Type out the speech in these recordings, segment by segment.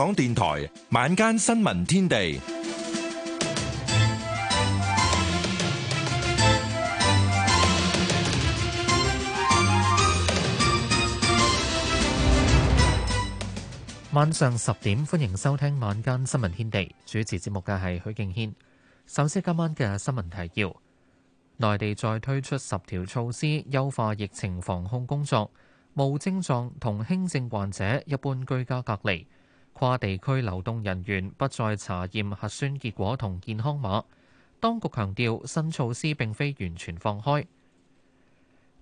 港電台晚間新聞天地，晚上十點，歡迎收聽晚間新聞天地。主持節目嘅係許敬軒。首先，今晚嘅新聞提要：內地再推出十條措施，優化疫情防控工作。無症狀同輕症患者一般居家隔離。跨地區流動人員不再查驗核酸結果同健康碼。當局強調新措施並非完全放開。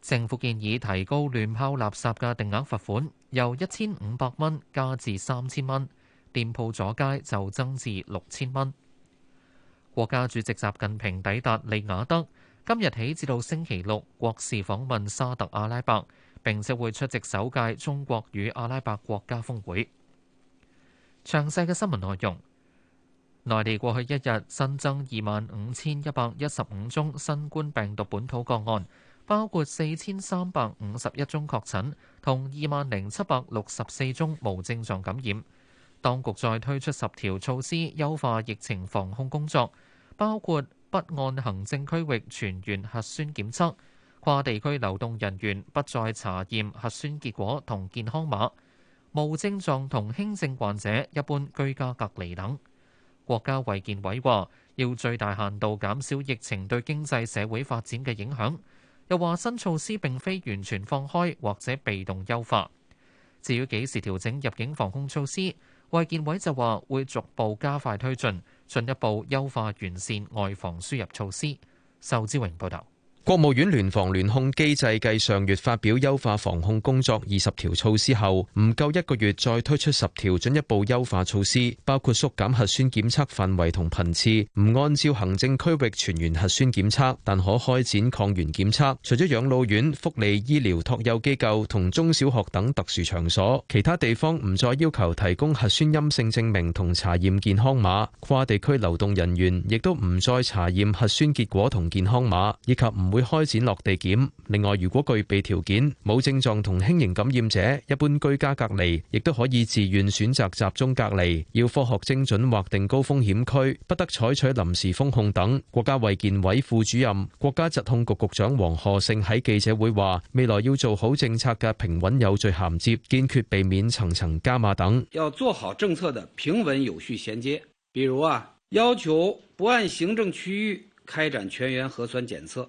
政府建議提高亂拋垃圾嘅定額罰款，由一千五百蚊加至三千蚊；店鋪阻街就增至六千蚊。國家主席習近平抵達利雅得，今日起至到星期六國事訪問沙特阿拉伯，並且會出席首屆中國與阿拉伯國家峰會。詳細嘅新聞內容內地過去一日新增二萬五千一百一十五宗新冠病毒本土個案，包括四千三百五十一宗確診，同二萬零七百六十四宗無症狀感染。當局再推出十條措施，優化疫情防控工作，包括不按行政區域全員核酸檢測，跨地區流動人員不再查驗核酸結果同健康碼。無症狀同輕症患者一般居家隔離等。國家衛健委話要最大限度減少疫情對經濟社會發展嘅影響，又話新措施並非完全放開或者被動優化。至於幾時調整入境防控措施，衛健委就話會逐步加快推進，進一步優化完善外防輸入措施。壽之榮報道。國務院聯防聯控機制繼上月發表優化防控工作二十條措施後，唔夠一個月再推出十條進一步優化措施，包括縮減核酸檢測範圍同頻次，唔按照行政區域全員核酸檢測，但可開展抗原檢測。除咗養老院、福利醫療托幼機構同中小學等特殊場所，其他地方唔再要求提供核酸陰性證明同查驗健康碼。跨地區流動人員亦都唔再查驗核酸結果同健康碼，以及唔會。會開展落地檢。另外，如果具備條件，冇症狀同輕型感染者，一般居家隔離，亦都可以自願選擇集中隔離。要科學精準劃定高風險區，不得採取臨時封控等。國家衛健委副主任、國家疾控局局長王賀勝喺記者會話：未來要做好政策嘅平穩有序銜接，堅決避免層層加碼等。要做好政策嘅平穩有序銜接，比如啊，要求不按行政區域開展全員核酸檢測。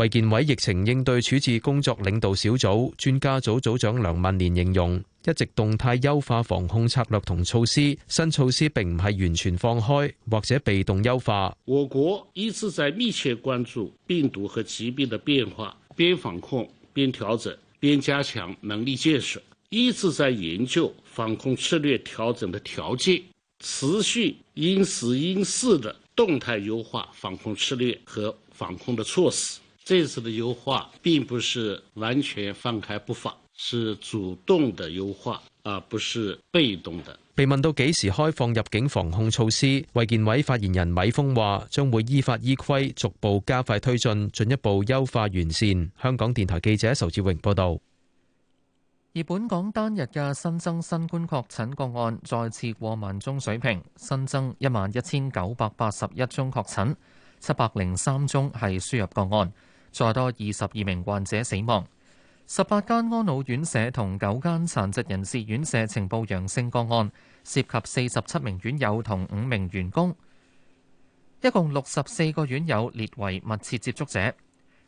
衛健委疫情應對處置工作領導小組專家組組長梁萬年形容，一直動態優化防控策略同措施，新措施並唔係完全放開或者被動優化。我國一直在密切關注病毒和疾病的變化，邊防控邊調整，邊加強能力建設，一直在研究防控策略調整的條件，持續因時因事的動態優化防控策略和防控的措施。這次的優化並不是完全放開不放，是主動的優化，而不是被動的。被問到幾時開放入境防控措施，衛健委發言人米鋒話：將會依法依規逐步加快推進，進一步優化完善。香港電台記者仇志榮報道。而本港單日嘅新增新冠確診個案再次過萬宗水平，新增一萬一千九百八十一宗確診，七百零三宗係輸入個案。再多二十二名患者死亡，十八間安老院舍同九間殘疾人士院舍呈報陽性個案，涉及四十七名院友同五名員工，一共六十四個院友列為密切接觸者。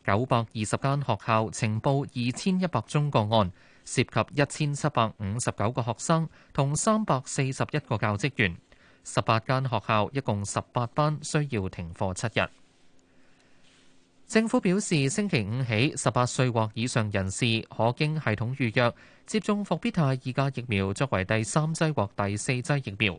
九百二十間學校呈報二千一百宗個案，涉及一千七百五十九個學生同三百四十一個教職員，十八間學校一共十八班需要停課七日。政府表示，星期五起，十八歲或以上人士可經系統預約接種復必泰二價疫苗作為第三劑或第四劑疫苗。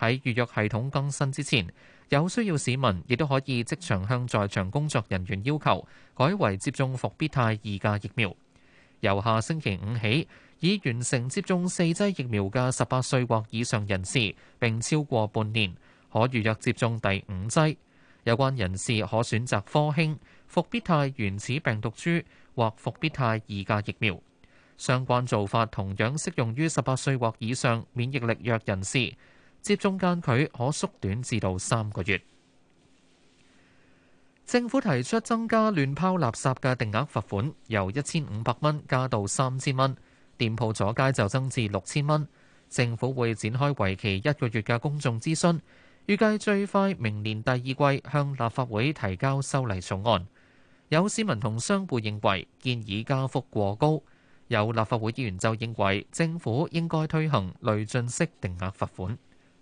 喺預約系統更新之前，有需要市民亦都可以即場向在場工作人員要求改為接種復必泰二價疫苗。由下星期五起，已完成接種四劑疫苗嘅十八歲或以上人士並超過半年，可預約接種第五劑，有關人士可選擇科興。復必泰原始病毒株或復必泰二價疫苗相關做法同樣適用於十八歲或以上免疫力弱人士。接種間距可縮短至到三個月。政府提出增加亂拋垃，垃圾嘅定額罰款，由一千五百蚊加到三千蚊，店鋪阻街就增至六千蚊。政府會展開為期一個月嘅公眾諮詢，預計最快明年第二季向立法會提交修例草案。有市民同商戶認為建議加幅過高，有立法會議員就認為政府應該推行累進式定額罰款。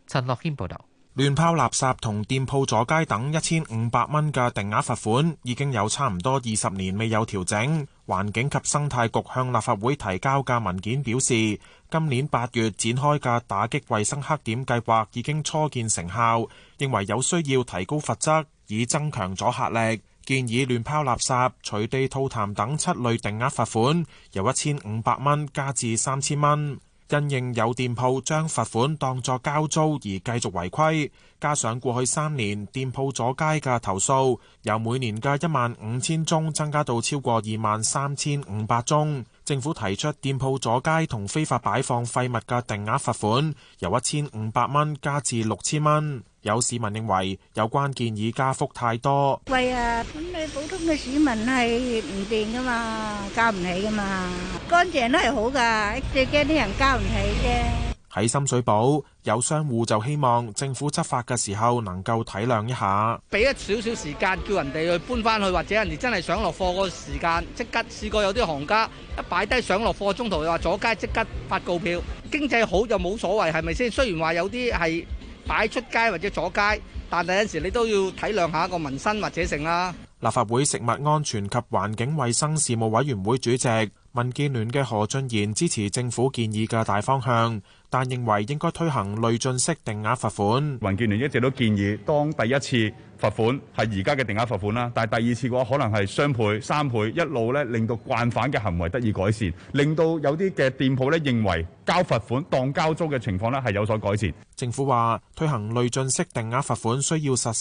陳樂軒報導。亂拋垃圾同店鋪阻街等一千五百蚊嘅定額罰款已經有差唔多二十年未有調整。環境及生態局向立法會提交嘅文件表示，今年八月展開嘅打擊衞生黑點計劃已經初見成效，認為有需要提高罰則，以增強阻嚇力。建議亂拋垃圾、隨地吐痰等七類定額罰款，由一千五百蚊加至三千蚊。因應有店鋪將罰款當作交租而繼續違規，加上過去三年店鋪阻街嘅投訴由每年嘅一萬五千宗增加到超過二萬三千五百宗，政府提出店鋪阻街同非法擺放廢物嘅定額罰款，由一千五百蚊加至六千蚊。有市民認為有關建議加幅太多，喂啊！咁你普通嘅市民係唔掂噶嘛，交唔起噶嘛。乾淨都係好噶，最驚啲人交唔起啫。喺深水埗，有商戶就希望政府執法嘅時候能夠體諒一下，俾一少少時間叫人哋去搬翻去，或者人哋真係上落貨個時間即刻。試過有啲行家一擺低上落貨中途又話阻街，即刻發告票。經濟好就冇所謂係咪先？雖然話有啲係。擺出街或者阻街，但係有陣時你都要體諒下個民生或者剩啦。立法會食物安全及環境衞生事務委員會主席民建聯嘅何俊賢支持政府建議嘅大方向，但認為應該推行累進式定額罰款。民建聯一直都建議當第一次。罰款係而家嘅定額罰款啦，但係第二次嘅話可能係雙倍、三倍一路咧，令到慣犯嘅行為得以改善，令到有啲嘅店鋪咧認為交罰款當交租嘅情況咧係有所改善。政府話推行累進式定額罰款需要實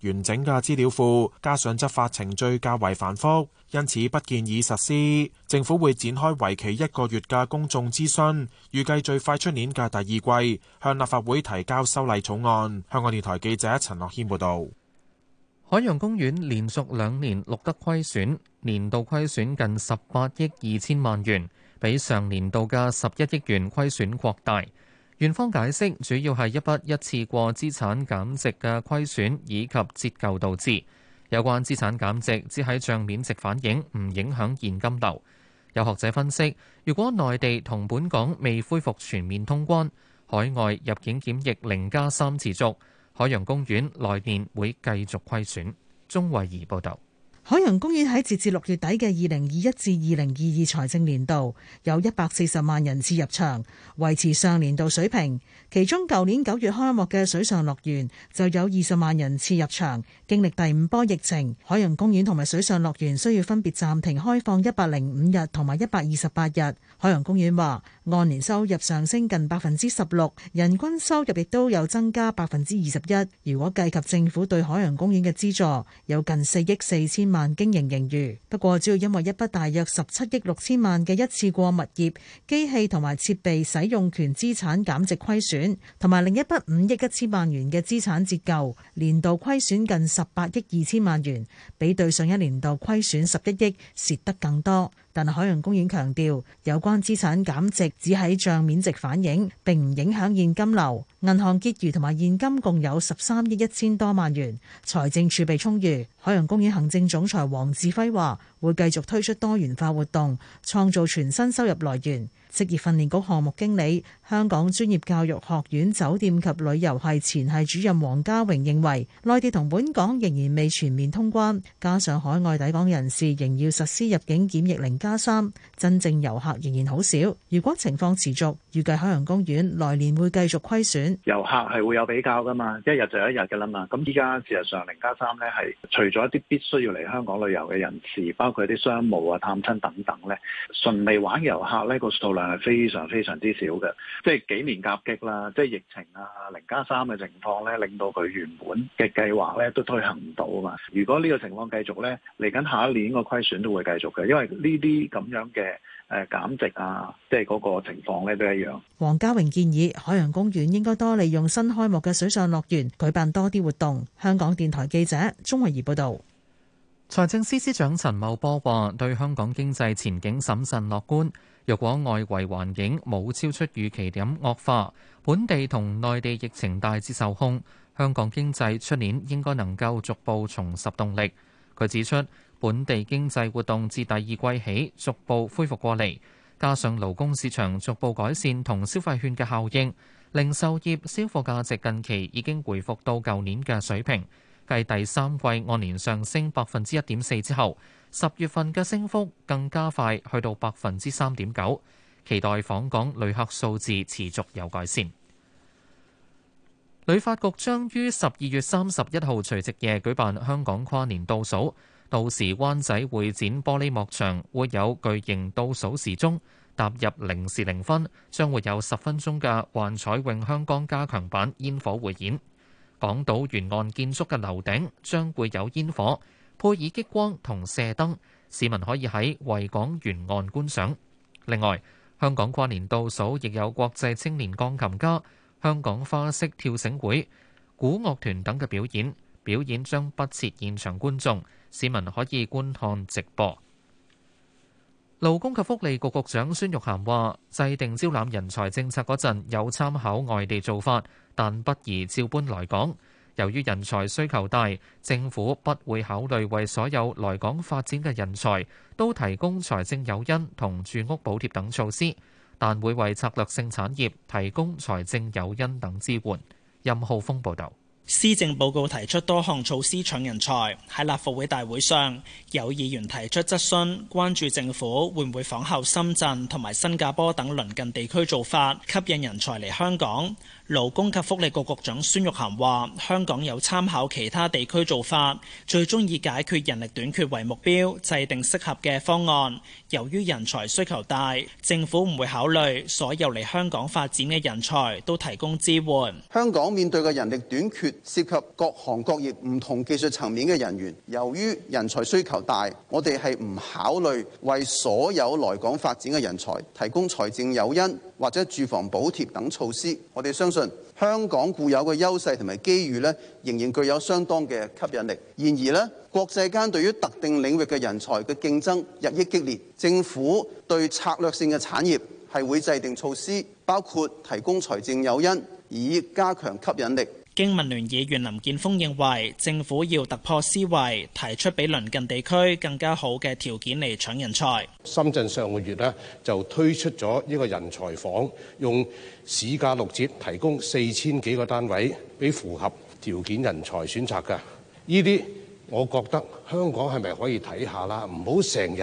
時完整嘅資料庫，加上執法程序較為繁複，因此不建議實施。政府會展開為期一個月嘅公眾諮詢，預計最快出年嘅第二季向立法會提交修例草案。香港電台記者陳樂軒報導。海洋公園連續兩年錄得虧損，年度虧損近十八億二千萬元，比上年度嘅十一億元虧損擴大。園方解釋，主要係一筆一次過資產減值嘅虧損以及折舊導致。有關資產減值只喺帳面值反映，唔影響現金流。有學者分析，如果內地同本港未恢復全面通關，海外入境檢疫零加三持續。海洋公園來年會繼續虧損。鍾慧儀報導。海洋公園喺截至六月底嘅二零二一至二零二二財政年度，有一百四十萬人次入場，維持上年度水平。其中舊年九月開幕嘅水上樂園就有二十萬人次入場。經歷第五波疫情，海洋公園同埋水上樂園需要分別暫停開放一百零五日同埋一百二十八日。海洋公園話，按年收入上升近百分之十六，人均收入亦都有增加百分之二十一。如果計及政府對海洋公園嘅資助，有近四億四千萬經營盈餘，不過主要因為一筆大約十七億六千萬嘅一次過物業、機器同埋設備使用權資產減值虧損，同埋另一筆五億一千萬元嘅資產折舊，年度虧損近十八億二千萬元，比對上一年度虧損十一億，蝕得更多。但海洋公園強調，有關資產減值只喺帳面值反映，並唔影響現金流。銀行結餘同埋現金共有十三億一千多萬元，財政儲備充裕。海洋公園行政總裁黃志輝話：會繼續推出多元化活動，創造全新收入來源。職業訓練局項目經理、香港專業教育學院酒店及旅遊係前係主任王家榮認為，內地同本港仍然未全面通關，加上海外抵港人士仍要實施入境檢疫零加三，真正遊客仍然好少。如果情況持續，預計海洋公園來年會繼續虧損。遊客係會有比較噶嘛，一日就一日噶啦嘛。咁依家事實上零加三呢係除咗一啲必須要嚟香港旅遊嘅人士，包括啲商務啊、探親等等呢，純利玩遊客呢個數量。誒非常非常之少嘅，即係幾年夾擊啦，即係疫情啊，零加三嘅情況咧，令到佢原本嘅計劃咧都推行唔到啊嘛。如果呢個情況繼續咧，嚟緊下一年個虧損都會繼續嘅，因為呢啲咁樣嘅誒減值啊，即係嗰個情況咧都一樣。黃家榮建議海洋公園應該多利用新開幕嘅水上樂園舉辦多啲活動。香港電台記者鍾慧儀報道。財政司司長陳茂波話對香港經濟前景審慎樂觀。若果外圍環境冇超出預期點惡化，本地同內地疫情大致受控，香港經濟出年應該能夠逐步重拾動力。佢指出，本地經濟活動自第二季起逐步恢復過嚟，加上勞工市場逐步改善同消費券嘅效應，零售業銷貨價值近期已經回復到舊年嘅水平。計第三季按年上升百分之一點四之後，十月份嘅升幅更加快，去到百分之三點九。期待訪港旅客數字持續有改善。旅發局將於十二月三十一號除夕夜舉辦香港跨年倒數，到時灣仔會展玻璃幕牆會有巨型倒數時鐘，踏入零時零分，將會有十分鐘嘅幻彩詠香江加強版煙火匯演。港島沿岸建築嘅樓頂將會有煙火、配以激光同射燈，市民可以喺維港沿岸觀賞。另外，香港跨年倒數亦有國際青年鋼琴家、香港花式跳繩會、古樂團等嘅表演，表演將不設現場觀眾，市民可以觀看直播。勞工及福利局局長孫玉菡話：制定招攬人才政策嗰陣有參考外地做法。但不宜照搬來港。由於人才需求大，政府不會考慮為所有來港發展嘅人才都提供財政誘因同住屋補貼等措施，但會為策略性產業提供財政誘因等支援。任浩峰報導。施政報告提出多項措施搶人才。喺立法會大會上，有議員提出質詢，關注政府會唔會仿效深圳同埋新加坡等鄰近地區做法，吸引人才嚟香港。勞工及福利局局長孫玉菡話，香港有參考其他地區做法，最終以解決人力短缺為目標，制定適合嘅方案。由於人才需求大，政府唔會考慮所有嚟香港發展嘅人才都提供支援。香港面對嘅人力短缺。涉及各行各業、唔同技術層面嘅人員，由於人才需求大，我哋係唔考慮為所有來港發展嘅人才提供財政誘因或者住房補貼等措施。我哋相信香港固有嘅優勢同埋機遇咧，仍然具有相當嘅吸引力。然而咧，國際間對於特定領域嘅人才嘅競爭日益激烈，政府對策略性嘅產業係會制定措施，包括提供財政誘因，以加強吸引力。經民聯議員林建峰認為，政府要突破思維，提出比鄰近地區更加好嘅條件嚟搶人才。深圳上個月呢，就推出咗一個人才房，用市價六折提供四千幾個單位俾符合條件人才選擇㗎。呢啲我覺得香港係咪可以睇下啦？唔好成日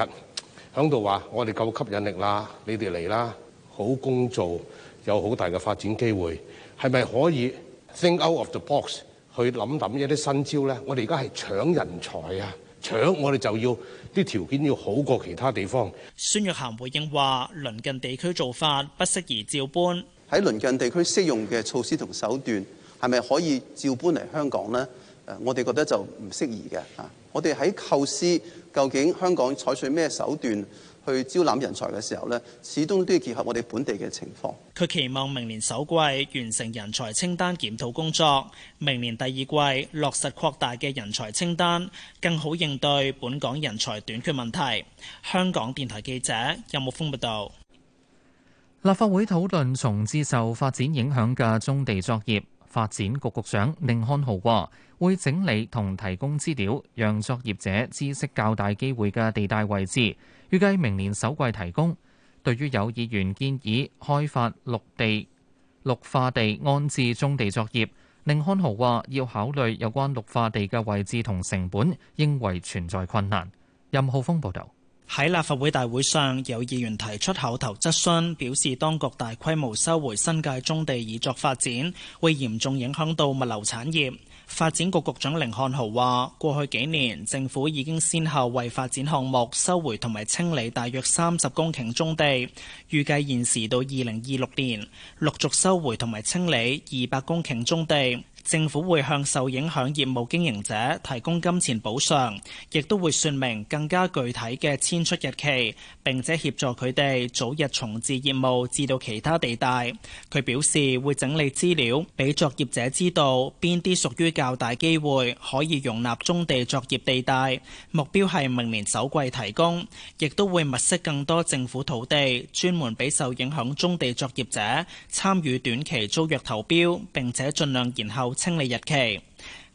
響度話我哋夠吸引力啦，你哋嚟啦，好工做，有好大嘅發展機會，係咪可以？Think out of the box 去諗諗一啲新招咧，我哋而家係搶人才啊，搶我哋就要啲條件要好過其他地方。孫玉菡回應話：鄰近地區做法不適宜照搬。喺鄰近地區適用嘅措施同手段，係咪可以照搬嚟香港咧？誒，我哋覺得就唔適宜嘅啊！我哋喺構思究竟香港採取咩手段？去招攬人才嘅時候咧，始終都要結合我哋本地嘅情況。佢期望明年首季完成人才清單檢討工作，明年第二季落實擴大嘅人才清單，更好應對本港人才短缺問題。香港電台記者任木峯報道。有有立法會討論重置受發展影響嘅棕地作業，發展局局長寧漢豪話，會整理同提供資料，讓作業者知悉較大機會嘅地帶位置。預計明年首季提供。對於有議員建議開發綠地、綠化地安置棕地作業，寧漢豪話要考慮有關綠化地嘅位置同成本，認為存在困難。任浩峰報導。喺立法會大會上，有議員提出口頭質詢，表示當局大規模收回新界棕地以作發展，會嚴重影響到物流產業。發展局局長凌漢豪話，過去幾年，政府已經先後為發展項目收回同埋清理大約三十公頃棕地，預計現時到二零二六年，陸續收回同埋清理二百公頃棕地。政府會向受影響業務經營者提供金錢補償，亦都會説明更加具體嘅遷出日期，並且協助佢哋早日重置業務至到其他地帶。佢表示會整理資料俾作業者知道邊啲屬於較大機會可以容納棕地作業地帶，目標係明年首季提供，亦都會物色更多政府土地，專門俾受影響棕地作業者參與短期租約投標，並且盡量延後。清理日期，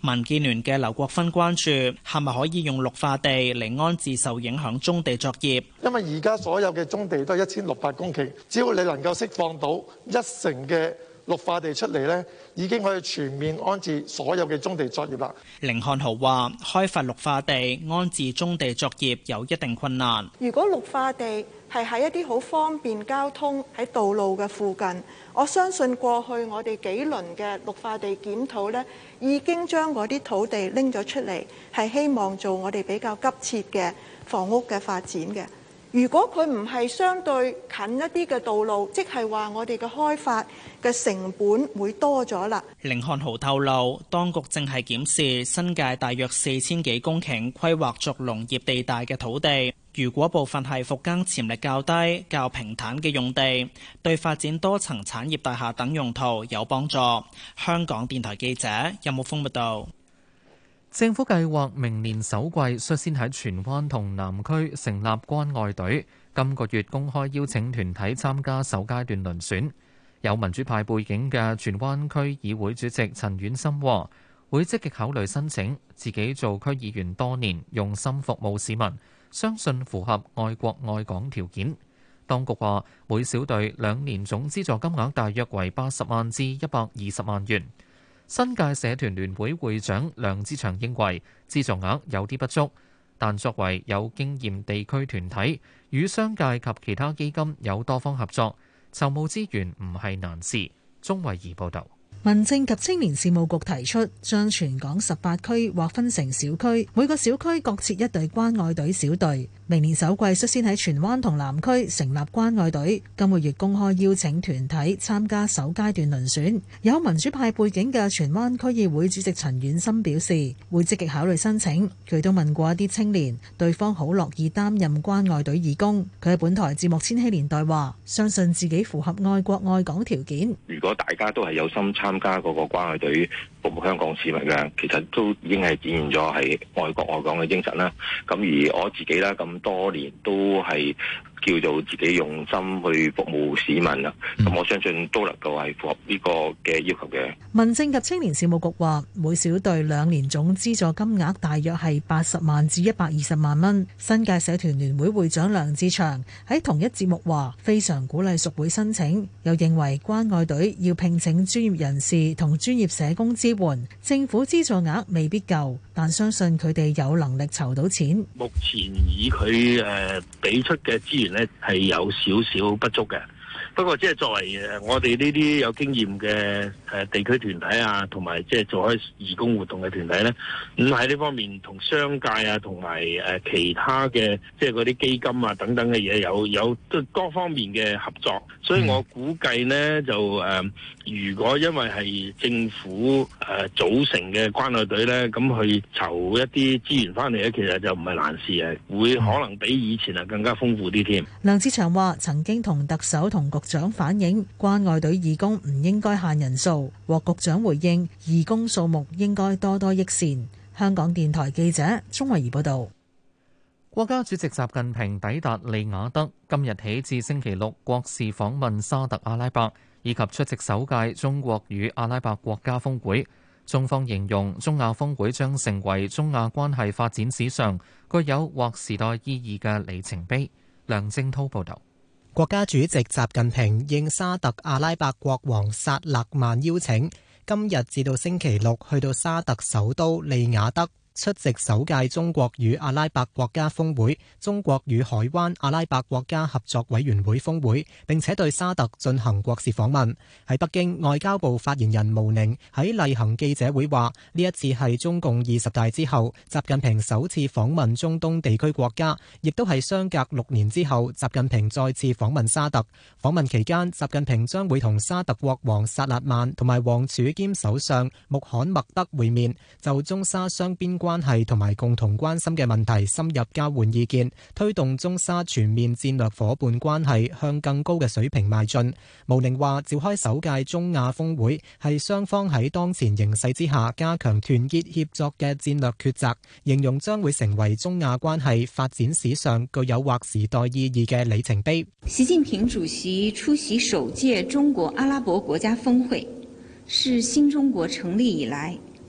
民建聯嘅劉國芬關注係咪可以用綠化地嚟，安置受影響棕地作業？因為而家所有嘅棕地都係一千六百公頃，只要你能夠釋放到一成嘅。綠化地出嚟呢已經可以全面安置所有嘅棕地作業啦。凌漢豪話：開發綠化地安置棕地作業有一定困難。如果綠化地係喺一啲好方便交通喺道路嘅附近，我相信過去我哋幾輪嘅綠化地檢討呢已經將嗰啲土地拎咗出嚟，係希望做我哋比較急切嘅房屋嘅發展嘅。如果佢唔係相對近一啲嘅道路，即係話，我哋嘅開發嘅成本會多咗啦。凌漢豪透露，當局正係檢視新界大約四千幾公頃規劃作農業地帶嘅土地，如果部分係復耕潛力較低，較平坦嘅用地，對發展多層產業大廈等用途有幫助。香港電台記者任木風報道。政府計劃明年首季率先喺荃灣同南區成立關愛隊，今個月公開邀請團體參加首階段輪選。有民主派背景嘅荃灣區議會主席陳婉心話，會積極考慮申請，自己做區議員多年，用心服務市民，相信符合愛國愛港條件。當局話，每小隊兩年總資助金額大約為八十萬至一百二十萬元。新界社團聯會會長梁志祥，認為資助額有啲不足，但作為有經驗地區團體，與商界及其他基金有多方合作，籌募資源唔係難事。鍾慧儀報道。民政及青年事務局提出，將全港十八區劃分成小區，每個小區各設一隊關愛隊小隊。明年首季率先喺荃灣同南區成立關愛隊，今個月公開邀請團體參加首階段輪選。有民主派背景嘅荃灣區議會主席陳婉心表示，會積極考慮申請。佢都問過一啲青年，對方好樂意擔任關愛隊義工。佢喺本台節目《千禧年代》話，相信自己符合愛國愛港條件。如果大家都係有心參，加嗰個關係對於服務香港市民嘅，其實都已經係展現咗係愛國愛港嘅精神啦。咁而我自己啦，咁多年都係叫做自己用心去服務市民啦。咁我相信都能夠係符合呢個嘅要求嘅。民政及青年事務局話，每小隊兩年總資助金額大約係八十萬至一百二十萬蚊。新界社團聯會會長梁志祥喺同一節目話，非常鼓勵屬會申請，又認為關愛隊要聘請專業人士同專業社工資。換政府資助額未必夠，但相信佢哋有能力籌到錢。目前以佢誒俾出嘅資源咧，係有少少不足嘅。不過，即係作為我哋呢啲有經驗嘅誒地區團體啊，同埋即係做開義工活動嘅團體咧，咁喺呢方面同商界啊，同埋誒其他嘅即係嗰啲基金啊等等嘅嘢有有多方面嘅合作，所以我估計咧就誒，如果因為係政府誒組成嘅關愛隊咧，咁去籌一啲資源翻嚟咧，其實就唔係難事啊，會可能比以前啊更加豐富啲添。梁志祥話：曾經同特首同局長反映關愛隊義工唔應該限人數，獲局長回應：義工數目應該多多益善。香港電台記者鍾慧儀報道。國家主席習近平抵達利雅得，今日起至星期六，國事訪問沙特阿拉伯以及出席首屆中國與阿拉伯國家峰會。中方形容中亞峰會將成為中亞關係發展史上具有劃時代意義嘅里程碑。梁正濤報道。國家主席習近平應沙特阿拉伯國王薩勒曼邀請，今日至到星期六去到沙特首都利雅得。出席首屆中國與阿拉伯國家峰會、中國與海灣阿拉伯國家合作委員會峰會，並且對沙特進行國事訪問。喺北京，外交部發言人毛寧喺例行記者會話：呢一次係中共二十大之後，習近平首次訪問中東地區國家，亦都係相隔六年之後，習近平再次訪問沙特。訪問期間，習近平將會同沙特國王薩勒曼同埋王儲兼首相穆罕默德會面，就中沙雙邊。關係同埋共同關心嘅問題深入交換意見，推動中沙全面戰略夥伴關係向更高嘅水平邁進。毛寧話：召開首屆中亞峰會係雙方喺當前形勢之下加強團結協作嘅戰略抉擇，形容將會成為中亞關係發展史上具有劃時代意義嘅里程碑。習近平主席出席首屆中國阿拉伯國家峰會，是新中國成立以來。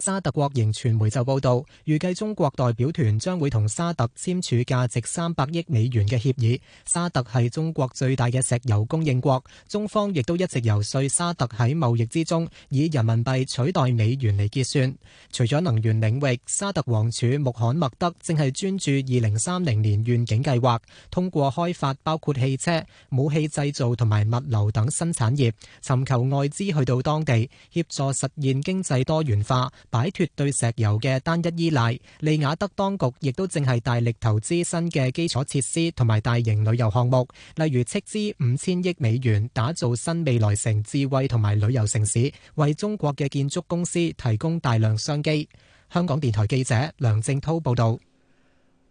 沙特國營傳媒就報道，預計中國代表團將會同沙特簽署價值三百億美元嘅協議。沙特係中國最大嘅石油供應國，中方亦都一直游說沙特喺貿易之中以人民幣取代美元嚟結算。除咗能源領域，沙特王儲穆罕默德正係專注二零三零年願景計劃，通過開發包括汽車、武器製造同埋物流等新產業，尋求外資去到當地協助實現經濟多元化。擺脫對石油嘅單一依賴，利雅得當局亦都正係大力投資新嘅基礎設施同埋大型旅遊項目，例如斥資五千億美元打造新未來城智慧同埋旅遊城市，為中國嘅建築公司提供大量商機。香港電台記者梁正滔報導。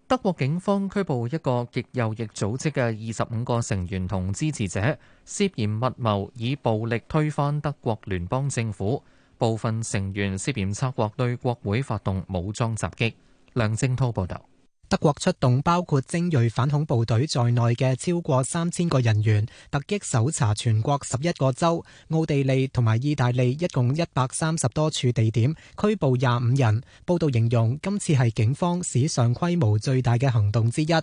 德國警方拘捕一個極右翼組織嘅二十五個成員同支持者，涉嫌密謀以暴力推翻德國聯邦政府。部分成員涉嫌策劃對國會發動武裝襲擊。梁正滔報導。德國出動包括精銳反恐部隊在內嘅超過三千個人員，突擊搜查全國十一個州、奧地利同埋意大利一共一百三十多處地點，拘捕廿五人。報道形容今次係警方史上規模最大嘅行動之一。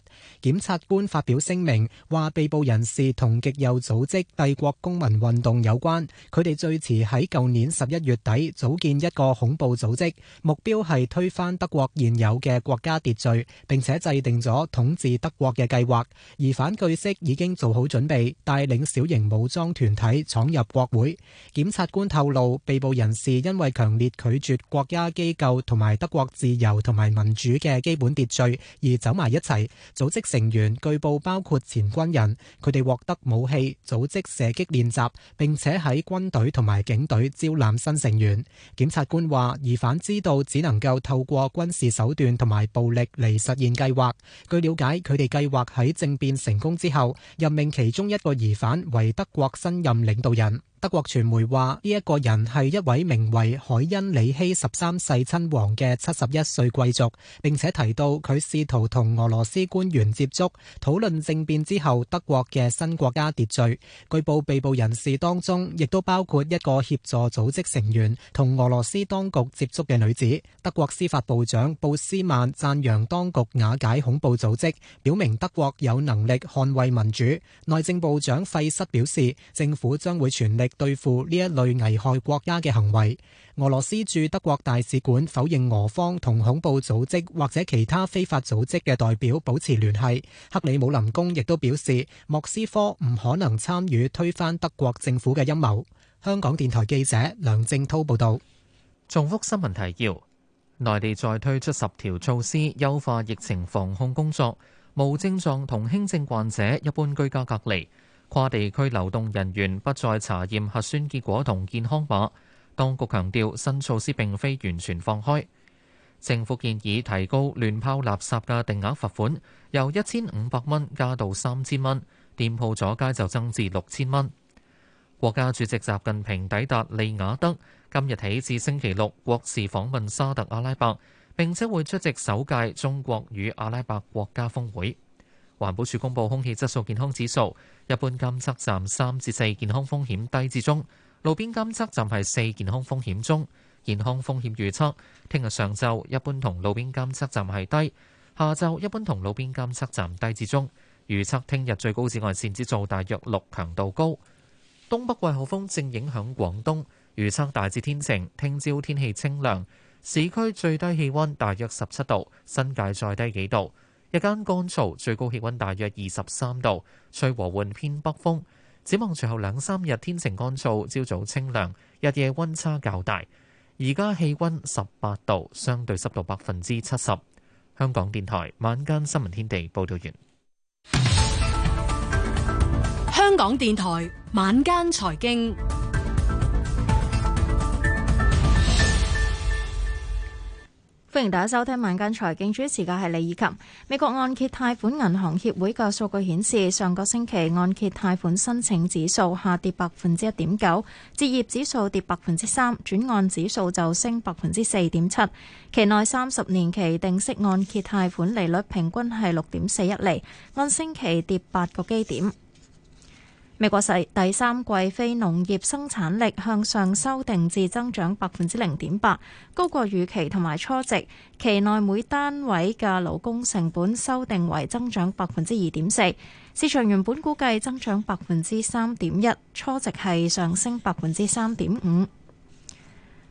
檢察官發表聲明話，被捕人士同極右組織帝國公民運動有關，佢哋最遲喺舊年十一月底組建一個恐怖組織，目標係推翻德國現有嘅國家秩序。並且制定咗統治德國嘅計劃，疑犯據悉已經做好準備，帶領小型武裝團體闖入國會。檢察官透露，被捕人士因為強烈拒絕國家機構同埋德國自由同埋民主嘅基本秩序，而走埋一齊。組織成員據報包括前軍人，佢哋獲得武器，組織射擊練習，並且喺軍隊同埋警隊招攬新成員。檢察官話：疑犯知道只能夠透過軍事手段同埋暴力嚟實現。計劃據了解，佢哋計劃喺政變成功之後，任命其中一個疑犯為德國新任領導人。德國傳媒話呢一個人係一位名為海因里希十三世親王嘅七十一歲貴族，並且提到佢試圖同俄羅斯官員接觸，討論政變之後德國嘅新國家秩序。據報被捕人士當中，亦都包括一個協助組織成員同俄羅斯當局接觸嘅女子。德國司法部長布斯曼讚揚當局瓦解恐怖組織，表明德國有能力捍衛民主。內政部長費瑟表示，政府將會全力，對付呢一類危害國家嘅行為，俄羅斯駐德國大使館否認俄方同恐怖組織或者其他非法組織嘅代表保持聯繫。克里姆林宮亦都表示，莫斯科唔可能參與推翻德國政府嘅陰謀。香港電台記者梁正濤報道。重複新聞提要：內地再推出十條措施，優化疫情防控工作。無症狀同輕症患者一般居家隔離。跨地區流動人員不再查驗核酸結果同健康碼。當局強調新措施並非完全放開。政府建議提高亂拋垃，垃圾嘅定額罰款，由一千五百蚊加到三千蚊，店鋪阻街就增至六千蚊。國家主席習近平抵達利雅德，今日起至星期六國事訪問沙特阿拉伯，並且會出席首屆中國與阿拉伯國家峰會。環保署公布空氣質素健康指數，一般監測站三至四，健康風險低至中；路邊監測站係四，健康風險中。健康風險預測：聽日上晝一般同路邊監測站係低，下晝一般同路邊監測站低至中。預測聽日最高紫外線指數大約六，強度高。東北季候風正影響廣東，預測大致天晴，聽朝天，天氣清涼，市區最低氣温大約十七度，新界再低幾度。日間乾燥，最高氣溫大約二十三度，吹和緩偏北風。展望隨後兩三日天晴乾燥，朝早清涼，日夜温差較大。而家氣温十八度，相對濕度百分之七十。香港電台晚間新聞天地報道完。香港電台晚間財經。歡迎大家收聽《晚間財經》，主持嘅係李以琴。美國按揭貸款銀行協會嘅數據顯示，上個星期按揭貸款申請指數下跌百分之一點九，置業指數跌百分之三，轉按指數就升百分之四點七。期內三十年期定息按揭貸款利率平均係六點四一厘，按星期跌八個基點。美國勢第三季非農業生產力向上修訂至增長百分之零點八，高過預期同埋初值。期內每單位嘅勞工成本修訂為增長百分之二點四，市場原本估計增長百分之三點一，初值係上升百分之三點五。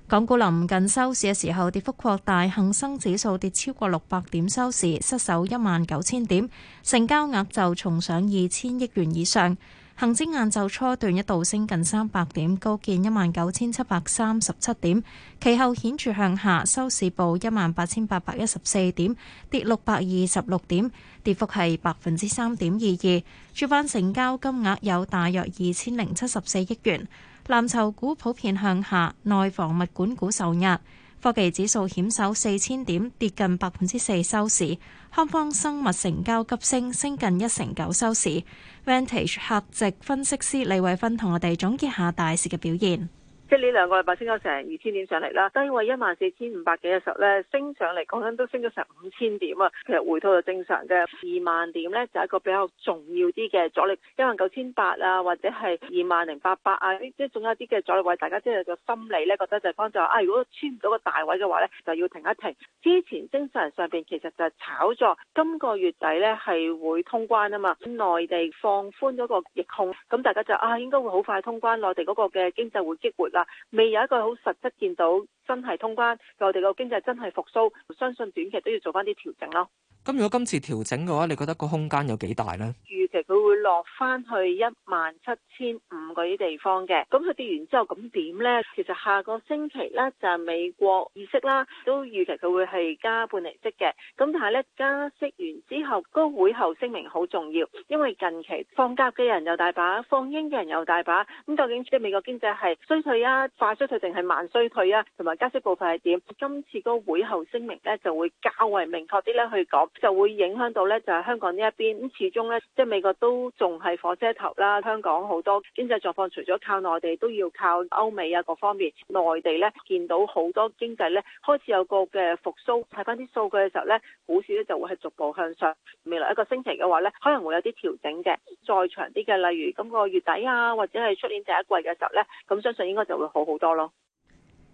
港股臨近收市嘅時候，跌幅擴大，恒生指數跌超過六百點收市，失守一萬九千點，成交額就重上二千億元以上。恒指晏晝初段一度升近三百點，高見一萬九千七百三十七點，其後顯著向下收市，報一萬八千八百一十四點，跌六百二十六點，跌幅係百分之三點二二。主板成交金額有大約二千零七十四億元。藍籌股普遍向下，內房物管股受壓。科技指數險守四千點，跌近百分之四收市。康方生物成交急升，升近一成九收市。Vantage 客席分析師李慧芬同我哋總結下大市嘅表現。即係呢兩個禮拜升咗成二千點上嚟啦，低位一萬四千五百幾嘅時候咧，升上嚟講緊都升咗成五千點啊。其實回吐就正常嘅，二萬點咧就係、一個比較重要啲嘅阻力，一萬九千八啊，或者係二萬零八八啊，即係仲有一啲嘅阻力位，大家即係個心理咧覺得就係幫助啊。如果穿唔到個大位嘅話咧，就要停一停。之前精神上邊其實就係炒作，今個月底咧係會通關啊嘛，內地放寬咗個疫控，咁大家就啊應該會好快通關，內地嗰個嘅經濟會激活啦。未有一個好實質見到。真係通關，我哋個經濟真係復甦，相信短期都要做翻啲調整咯。咁如果今次調整嘅話，你覺得個空間有幾大呢？預期佢會落翻去一萬七千五嗰啲地方嘅。咁佢跌完之後，咁點呢？其實下個星期咧就係、是、美國議息啦，都預期佢會係加半厘息嘅。咁但係咧加息完之後，個會後聲明好重要，因為近期放鴿嘅人又大把，放鷹嘅人又大把。咁究竟即係美國經濟係衰退啊，快衰退定、啊、係慢衰退啊？同埋加息部分係點？今次嗰會後聲明咧就會較為明確啲咧去講，就會影響到咧就係香港呢一邊。咁始終咧，即係美國都仲係火車頭啦。香港好多經濟狀況，除咗靠內地，都要靠歐美啊各方面。內地咧見到好多經濟咧開始有個嘅復甦，睇返啲數據嘅時候咧，股市咧就會係逐步向上。未來一個星期嘅話咧，可能會有啲調整嘅，再長啲嘅，例如今個月底啊，或者係出年第一季嘅時候咧，咁相信應該就會好好多咯。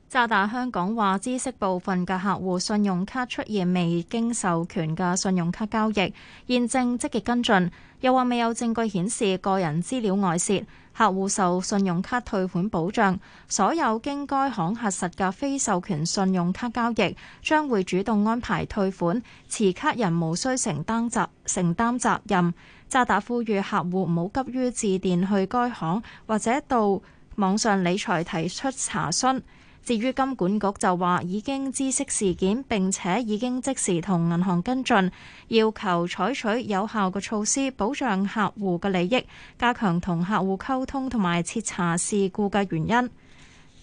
渣打香港話，知悉部分嘅客戶信用卡出現未經授權嘅信用卡交易，現正積極跟進，又話未有證據顯示個人資料外泄，客戶受信用卡退款保障。所有經該行核實嘅非授權信用卡交易，將會主動安排退款，持卡人無需承擔責承擔責任。渣打呼籲客戶唔好急於致電去該行或者到網上理財提出查詢。至於金管局就話已經知悉事件，並且已經即時同銀行跟進，要求採取有效嘅措施保障客戶嘅利益，加強同客戶溝通，同埋徹查事故嘅原因。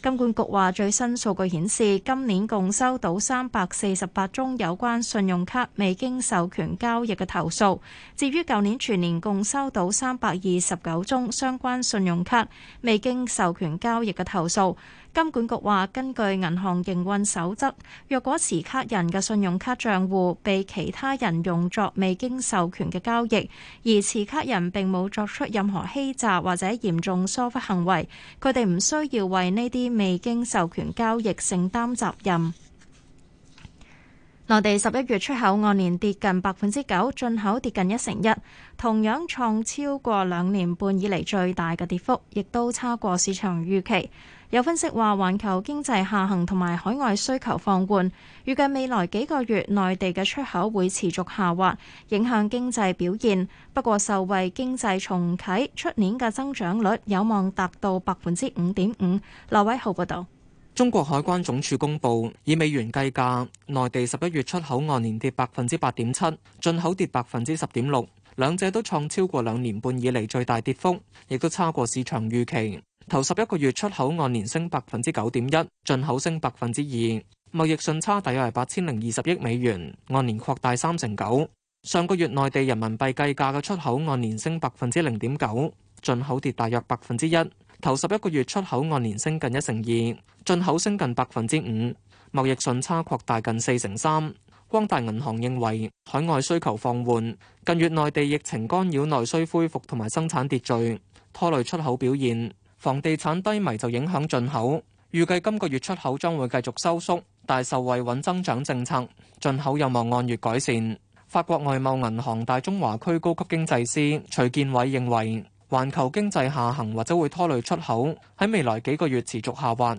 金管局話最新數據顯示，今年共收到三百四十八宗有關信用卡未經授權交易嘅投訴。至於舊年全年共收到三百二十九宗相關信用卡未經授權交易嘅投訴。金管局話根據銀行營運守則，若果持卡人嘅信用卡賬戶被其他人用作未經授權嘅交易，而持卡人並冇作出任何欺詐或者嚴重疏忽行為，佢哋唔需要為呢啲未經授權交易承擔責任。內地十一月出口按年跌近百分之九，進口跌近一成一，同樣創超過兩年半以嚟最大嘅跌幅，亦都差過市場預期。有分析話，環球經濟下行同埋海外需求放緩，預計未來幾個月內地嘅出口會持續下滑，影響經濟表現。不過受惠經濟重啟，出年嘅增長率有望達到百分之五點五。劉偉豪報道。中國海關總署公布，以美元計價，內地十一月出口按年跌百分之八點七，進口跌百分之十點六，兩者都創超過兩年半以嚟最大跌幅，亦都差過市場預期。頭十一個月出口按年升百分之九點一，進口升百分之二，貿易順差大約係八千零二十億美元，按年擴大三成九。上個月內地人民幣計價嘅出口按年升百分之零點九，進口跌大約百分之一。頭十一個月出口按年升近一成二。進口升近百分之五，貿易順差擴大近四成三。光大銀行認為海外需求放緩，近月內地疫情干擾內需恢復同埋生產秩序，拖累出口表現。房地產低迷就影響進口，預計今個月出口將會繼續收縮，但受惠穩增長政策，進口有望按月改善。法國外貿銀行大中華區高級經濟師徐建偉認為，環球經濟下行或者會拖累出口，喺未來幾個月持續下滑。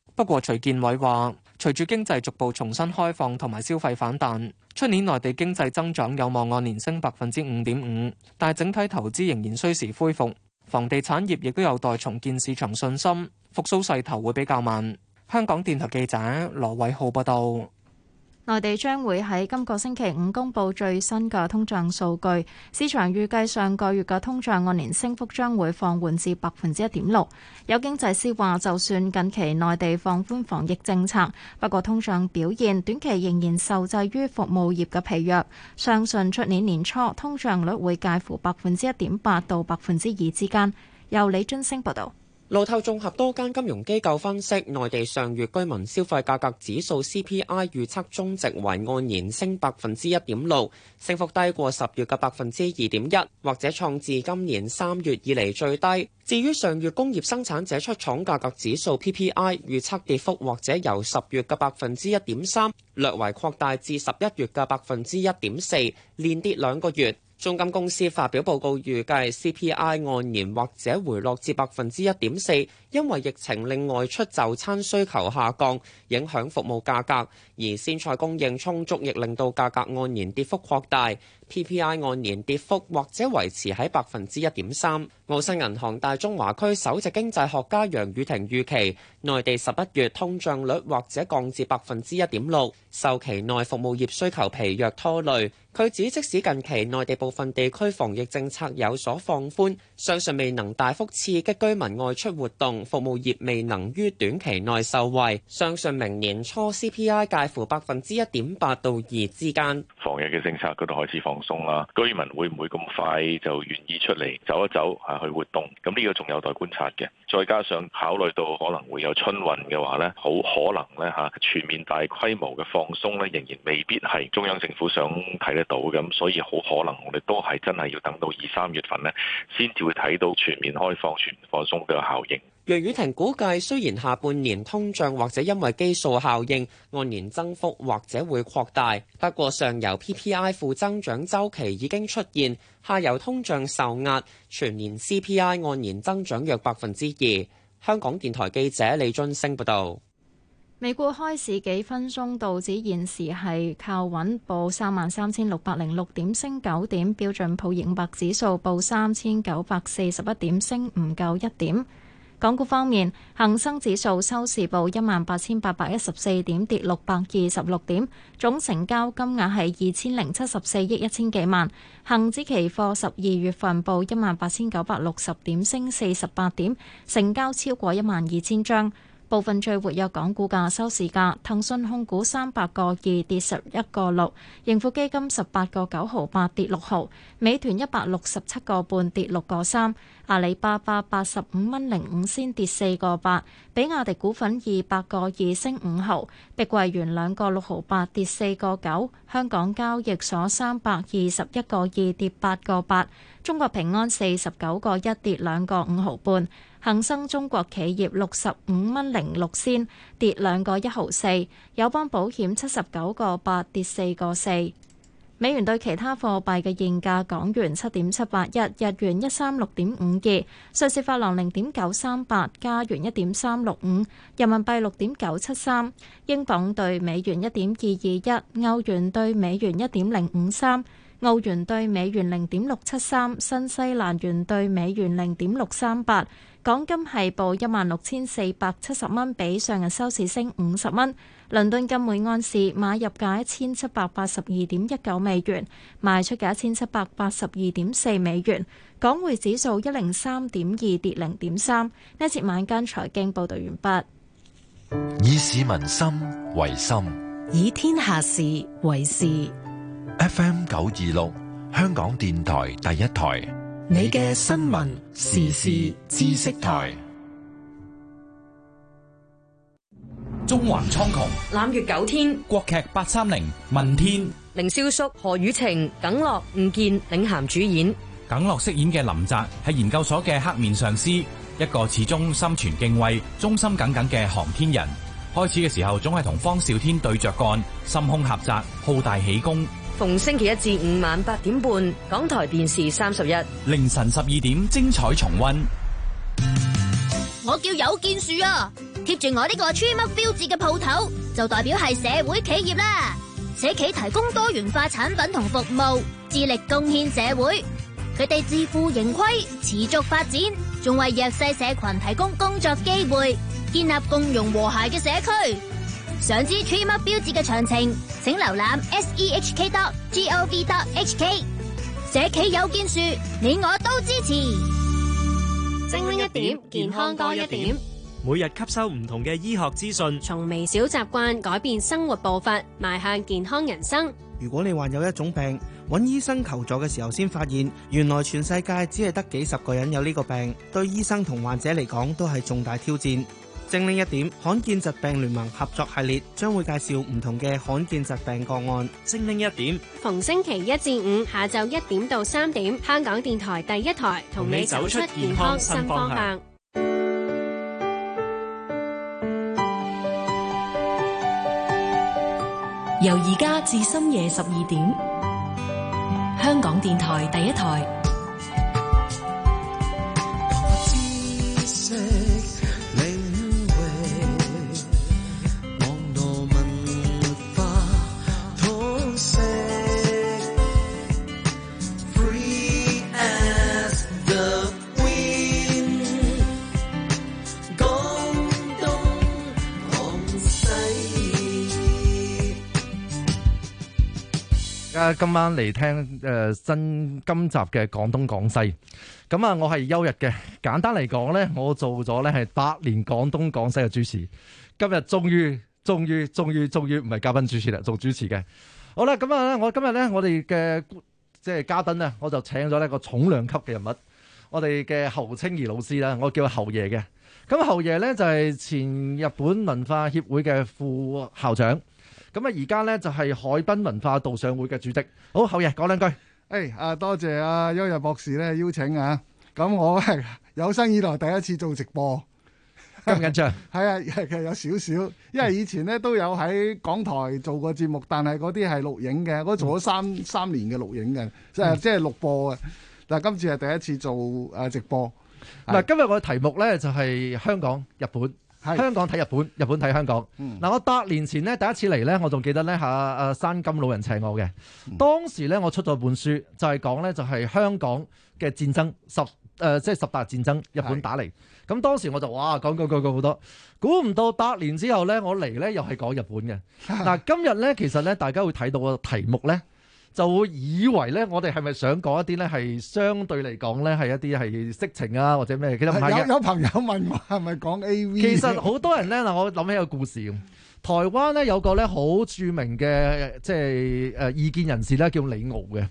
不過，徐建偉話：隨住經濟逐步重新開放同埋消費反彈，出年內地經濟增長有望按年升百分之五點五，但整體投資仍然需時恢復，房地產業亦都有待重建市場信心，復甦勢頭會比較慢。香港電台記者羅偉浩報道。內地將會喺今個星期五公布最新嘅通脹數據，市場預計上個月嘅通脹按年升幅將會放緩至百分之一點六。有經濟師話，就算近期內地放寬防疫政策，不過通脹表現短期仍然受制於服務業嘅疲弱，相信出年年初通脹率會介乎百分之一點八到百分之二之間。由李津星報道。路透綜合多間金融機構分析，內地上月居民消費價格指數 CPI 預測中值為按年升百分之一點六，升幅低過十月嘅百分之二點一，或者創自今年三月以嚟最低。至於上月工業生產者出廠價格指數 PPI 預測跌幅或者由十月嘅百分之一點三，略為擴大至十一月嘅百分之一點四，連跌兩個月。中金公司發表報告，預計 CPI 按年或者回落至百分之一點四，因為疫情令外出就餐需求下降，影響服務價格，而鮮菜供應充足，亦令到價格按年跌幅擴大。PPI 按年跌幅或者維持喺百分之一點三。澳新銀行大中華區首席經濟學家楊宇婷預期，內地十一月通脹率或者降至百分之一點六，受期內服務業需求疲弱拖累。佢指，即使近期內地部分地區防疫政策有所放寬，相信未能大幅刺激居民外出活動，服務業未能於短期內受惠，相信明年初 CPI 介乎百分之一點八到二之間。防疫嘅政策嗰度開始放鬆居民會唔會咁快就願意出嚟走一走嚇去活動？咁呢個仲有待觀察嘅。再加上考慮到可能會有春運嘅話呢，好可能呢嚇全面大規模嘅放鬆呢，仍然未必係中央政府想睇得到咁，所以好可能我哋都係真係要等到二三月份呢，先至會睇到全面開放、全放鬆嘅效應。楊雨婷估計，雖然下半年通脹或者因為基數效應，按年增幅或者會擴大，不過上游 PPI 負增長週期已經出現，下游通脹受壓，全年 CPI 按年增長約百分之二。香港電台記者李俊升報道，美國開市幾分鐘，道指現時係靠穩報三萬三千六百零六點，升九點；標準普爾五百指數報三千九百四十一點，升唔夠一點。港股方面，恒生指數收市報一萬八千八百一十四點，跌六百二十六點，總成交金額係二千零七十四億一千幾萬。恒指期貨十二月份報一萬八千九百六十點，升四十八點，成交超過一萬二千張。部分最活躍港股嘅收市價，騰訊控股三百個二跌十一個六，盈富基金十八個九毫八跌六毫，美團一百六十七個半跌六個三。阿里巴巴八十五蚊零五仙跌四個八，比亞迪股份二百個二升五毫，碧桂園兩個六毫八跌四個九，香港交易所三百二十一個二跌八個八，中國平安四十九個一跌兩個五毫半，恒生中國企業六十五蚊零六仙跌兩個一毫四，友邦保險七十九個八跌四個四。美元兌其他貨幣嘅現價：港元七點七八一，日元一三六點五二，瑞士法郎零點九三八，加元一點三六五，人民幣六點九七三，英鎊對美元一點二二一，歐元對美元一點零五三，澳元對美元零點六七三，新西蘭元對美元零點六三八。港金係報一萬六千四百七十蚊，1, 6, 70, 比上日收市升五十蚊。倫敦金每安士買入價一千七百八十二點一九美元，賣出價一千七百八十二點四美元。港匯指數一零三點二跌零點三。呢節晚間財經報道完畢。以市民心為心，以天下事為事。FM 九二六，香港電台第一台。你嘅新聞時事知識台，中環蒼穹攬月九天，國劇八三零問天，凌瀟肅、何雨晴、耿樂、吳健、領銜主演。耿樂飾演嘅林澤係研究所嘅黑面上司，一個始終心存敬畏、忠心耿耿嘅航天人。開始嘅時候總係同方少天對着幹，心胸狹窄，好大喜功。逢星期一至五晚八點半，港台電視三十一凌晨十二點，精彩重溫。我叫有建樹啊，貼住我呢個 Tree Mark 標誌嘅鋪頭，就代表係社會企業啦。社企提供多元化產品同服務，致力貢獻社會。佢哋自負盈虧，持續發展，仲為弱勢社群提供工作機會，建立共融和諧嘅社區。想知 Tree 乜標誌嘅詳情，請瀏覽 s e h k dot g o v dot h k。社企有件事，你我都支持。精明一點，健康多一點。每日吸收唔同嘅醫學資訊，從微小習慣改變生活步伐，邁向健康人生。如果你患有一種病，揾醫生求助嘅時候，先發現原來全世界只係得幾十個人有呢個病，對醫生同患者嚟講都係重大挑戰。精靈一點，罕見疾病聯盟合作系列將會介紹唔同嘅罕見疾病個案。精靈一點，逢星期一至五下晝一點到三點，香港電台第一台同你走出健康新方向。由而家至深夜十二點，香港電台第一台。今晚嚟聽誒、呃、新今集嘅講東講西，咁啊、嗯、我係休日嘅，簡單嚟講咧，我做咗咧係八年講東講西嘅主持，今日終於終於終於終於唔係嘉賓主持啦，做主持嘅。好啦，咁、嗯、啊、嗯、我今日咧我哋嘅即係嘉賓咧，我就請咗咧個重量級嘅人物，我哋嘅侯清怡老師啦，我叫侯爺嘅。咁、嗯、侯爺咧就係、是、前日本文化協會嘅副校長。咁啊，而家咧就係海濱文化導賞會嘅主席。好，侯爺講兩句。誒，啊多謝啊邱日博士咧邀請啊。咁我係 有生以來第一次做直播，緊 唔緊張？係啊，其實有少少，因為以前咧都有喺港台做過節目，但係嗰啲係錄影嘅，我、嗯、做咗三三年嘅錄影嘅，嗯、即係即係錄播嘅。但今次係第一次做誒直播。唔、嗯、今日我嘅題目咧就係香港日本。香港睇日本，日本睇香港。嗱，我百年前咧第一次嚟咧，我仲記得咧，阿阿山金老人請我嘅。當時咧我出咗本書，就係、是、講咧就係香港嘅戰爭十誒、呃，即係十大戰爭，日本打嚟。咁當時我就哇講講講講好多，估唔到百年之後咧，我嚟咧又係講日本嘅。嗱，今日咧其實咧大家會睇到個題目咧，就會以為咧，我哋係咪想講一啲咧係相對嚟講咧係一啲係色情啊或者咩？其實有有朋友問我係咪講 AV？其實好多人咧嗱，我諗起一個故事，台灣咧有個咧好著名嘅即係誒意見人士咧叫李敖嘅。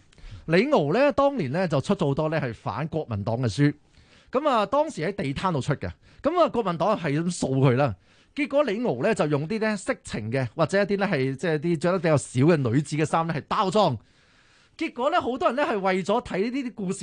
李敖咧當年咧就出咗好多咧係反國民黨嘅書，咁啊當時喺地攤度出嘅，咁啊國民黨係咁掃佢啦。結果李敖咧就用啲咧色情嘅，或者一啲咧係即係啲着得比較少嘅女子嘅衫咧，係包裝，結果咧，好多人咧係為咗睇呢啲啲故事。